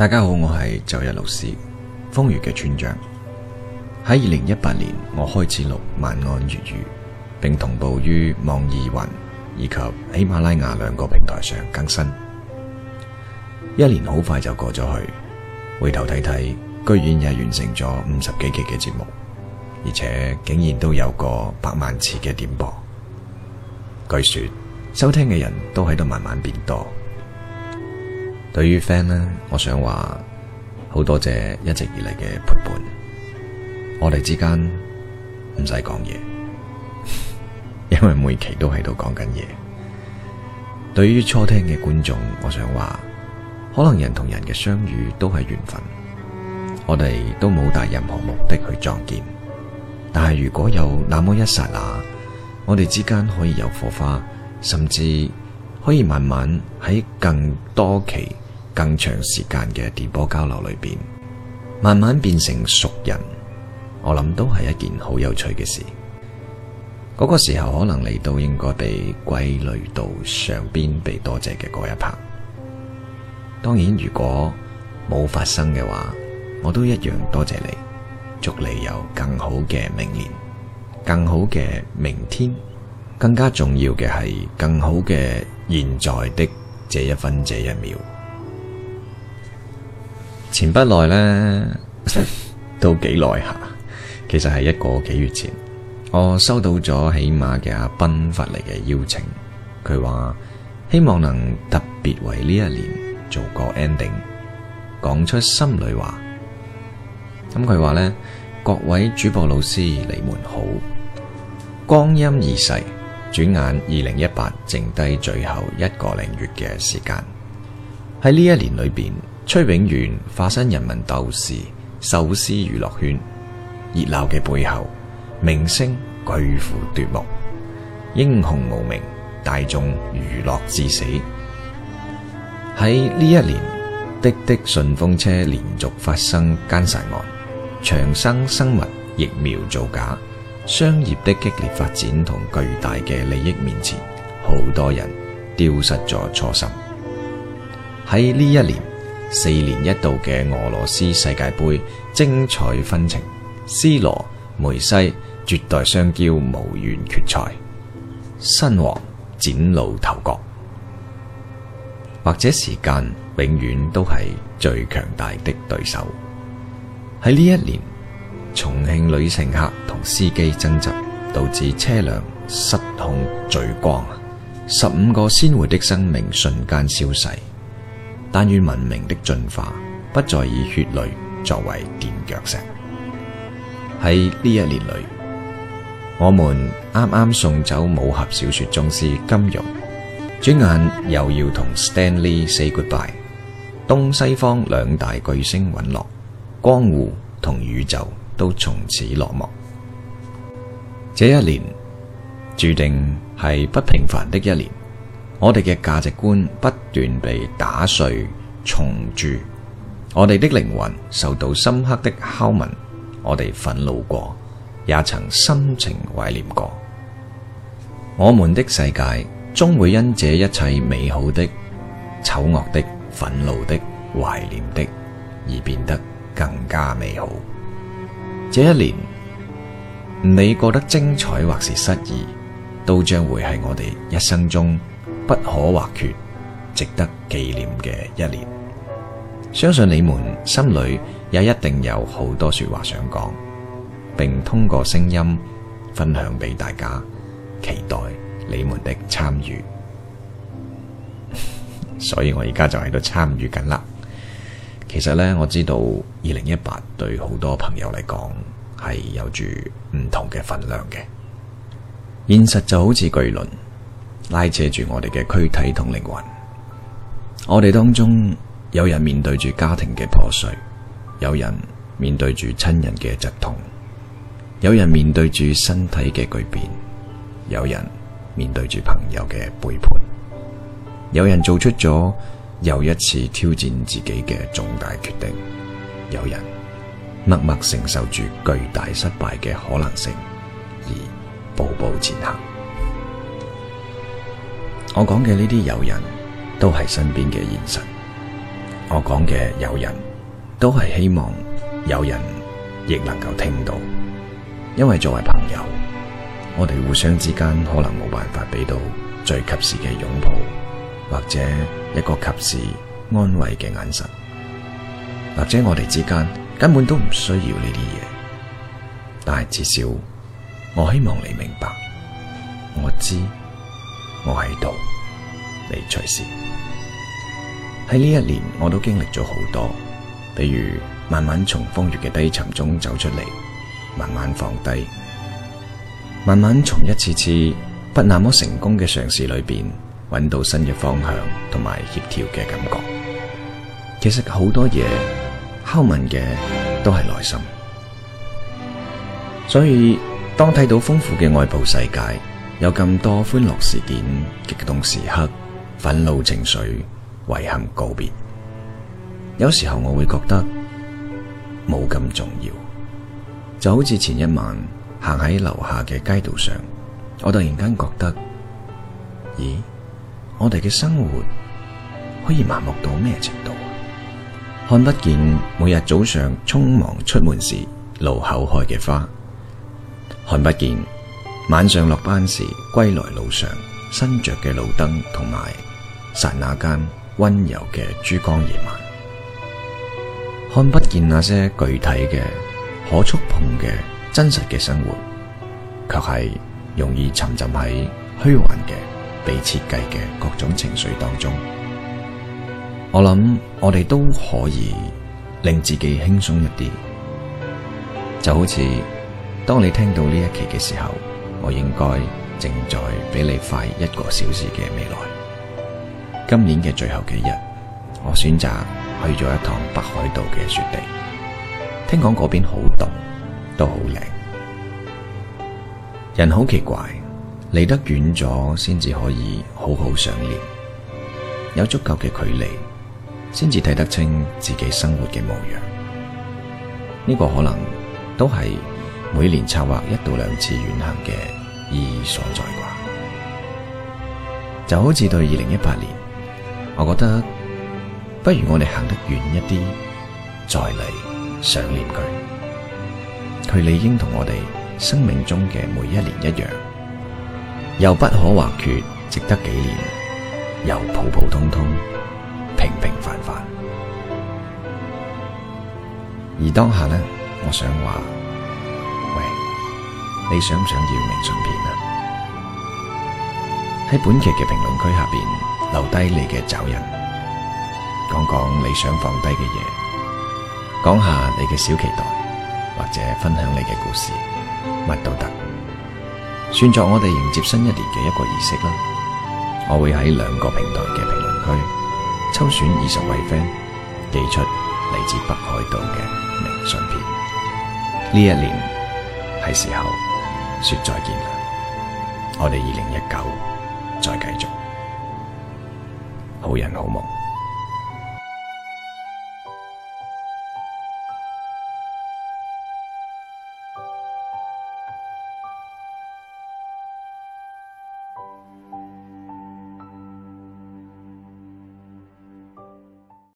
大家好，我係周一老師，瘋粵嘅村長。喺二零一八年，我開始錄晚安粵語，並同步於網易雲以及喜馬拉雅兩個平台上更新。一年好快就過咗去，回頭睇睇，居然也完成咗五十幾期嘅節目，而且竟然都有過百萬次嘅點播。據說收聽嘅人都喺度慢慢變多。對於 friend 呢，我想話好多謝一直以嚟嘅陪伴。我哋之間唔使講嘢， 因為每期都喺度講緊嘢。對於初聽嘅觀眾，我想話，可能人同人嘅相遇都係緣分。我哋都冇帶任何目的去撞見，但係如果有那麼一剎那，我哋之間可以有火花，甚至可以慢慢喺更多期。更長時間嘅電波交流裏邊，慢慢變成熟人，我諗都係一件好有趣嘅事。嗰個時候可能你都應該被歸類到上邊被多謝嘅嗰一 part。a 當然，如果冇發生嘅話，我都一樣多謝，謝你。祝你有更好嘅明年，更好嘅明天，更加重要嘅係更好嘅現在的這一分這一秒。前不呢 耐咧，都幾耐下。其實係一個幾月前，我收到咗喜馬嘅阿斌發嚟嘅邀請，佢話希望能特別為呢一年做個 ending，講出心裏話。咁佢話呢，各位主播老師，你們好，光陰易逝，轉眼二零一八剩低最後一個零月嘅時間，喺呢一年裏邊。崔永元化身人民鬥士，手撕娛樂圈，熱鬧嘅背後，明星巨富奪目，英雄無名，大眾娛樂至死。喺呢一年，滴滴順風車連續發生姦殺案，長生生物疫苗造假，商業的激烈發展同巨大嘅利益面前，好多人丟失咗初心。喺呢一年。四年一度嘅俄羅斯世界盃精彩紛呈，C 羅、梅西絕代雙驕無緣決賽，新王嶄露頭角。或者時間永遠都係最強大的對手。喺呢一年，重慶女乘客同司機爭執，導致車輛失控墜江，十五個鮮活的生命瞬間消逝。但願文明的進化不再以血淚作為墊腳石。喺呢一年裏，我們啱啱送走武俠小說宗師金庸，轉眼又要同 Stan Lee say goodbye。東西方兩大巨星隕落，江湖同宇宙都從此落幕。這一年注定係不平凡的一年。我哋嘅價值觀不斷被打碎重鑄，我哋嘅靈魂受到深刻的拷問。我哋憤怒過，也曾深情懷念過。我們的世界終會因這一切美好的、醜惡的、的、憤怒的、懷念的，而變得更加美好。這一年，你過得精彩或是失意，都將會係我哋一生中，不可或缺、值得紀念嘅一年，相信你們心裏也一定有好多說話想講，並通過聲音分享俾大家。期待你們的參與， 所以我而家就喺度參與緊啦。其實咧，我知道二零一八對好多朋友嚟講係有住唔同嘅分量嘅。現實就好似巨輪。拉扯住我哋嘅軀體同靈魂，我哋當中有人面對住家庭嘅破碎，有人面對住親人嘅疾痛，有人面對住身體嘅巨變，有人面對住朋友嘅背叛，有人做出咗又一次挑戰自己嘅重大決定，有人默默承受住巨大失敗嘅可能性，而步步前行。我講嘅呢啲有人，都係身邊嘅現實。我講嘅有人，都係希望有人亦能夠聽到，因為作為朋友，我哋互相之間可能冇辦法俾到最及時嘅擁抱，或者一個及時安慰嘅眼神，或者我哋之間根本都唔需要呢啲嘢。但係至少，我希望你明白，我知。我喺度，你隨時。喺呢一年，我都經歷咗好多，比如慢慢從瘋粵嘅低沉中走出嚟，慢慢放低，慢慢從一次次不那麼成功嘅嘗試裏邊，揾到新嘅方向同埋協調嘅感覺。其實好多嘢敲門嘅都係內心，所以當睇到豐富嘅外部世界。有咁多歡樂事件、激動時刻、憤怒情緒、遺憾告別。有時候我會覺得冇咁重要，就好似前一晚行喺樓下嘅街道上，我突然間覺得，咦，我哋嘅生活可以麻木到咩程度啊？看不見每日早上匆忙出門時路口開嘅花，看不見。晚上落班時歸來路上，新着嘅路燈同埋刹那間温柔嘅珠江夜晚，看不見那些具體嘅可觸碰嘅真實嘅生活，卻係容易沉浸喺虛幻嘅被設計嘅各種情緒當中。我諗我哋都可以令自己輕鬆一啲，就好似當你聽到呢一期嘅時候。我應該正在比你快一個小時嘅未來。今年嘅最後幾日，我選擇去咗一趟北海道嘅雪地。聽講嗰邊好凍，都好靚。人好奇怪，離得遠咗先至可以好好想念，有足夠嘅距離，先至睇得清自己生活嘅模樣。呢個可能都係。每年策劃一到兩次遠行嘅意義所在啩，就好似對二零一八年，我覺得不如我哋行得遠一啲，再嚟想念佢。佢理應同我哋生命中嘅每一年一樣，又不可或缺，值得紀念，又普普通通，平平凡凡。而當下呢，我想話。你想唔想要明信片啊？喺本期嘅評論區下邊留低你嘅爪印，講講你想放低嘅嘢，講下你嘅小期待，或者分享你嘅故事，乜都得，算作我哋迎接新一年嘅一個儀式啦。我會喺兩個平台嘅評論區抽選二十位 friend 寄出嚟自北海道嘅明信片。呢一年係時候。說再見啦，我哋二零一九再繼續，好人好夢。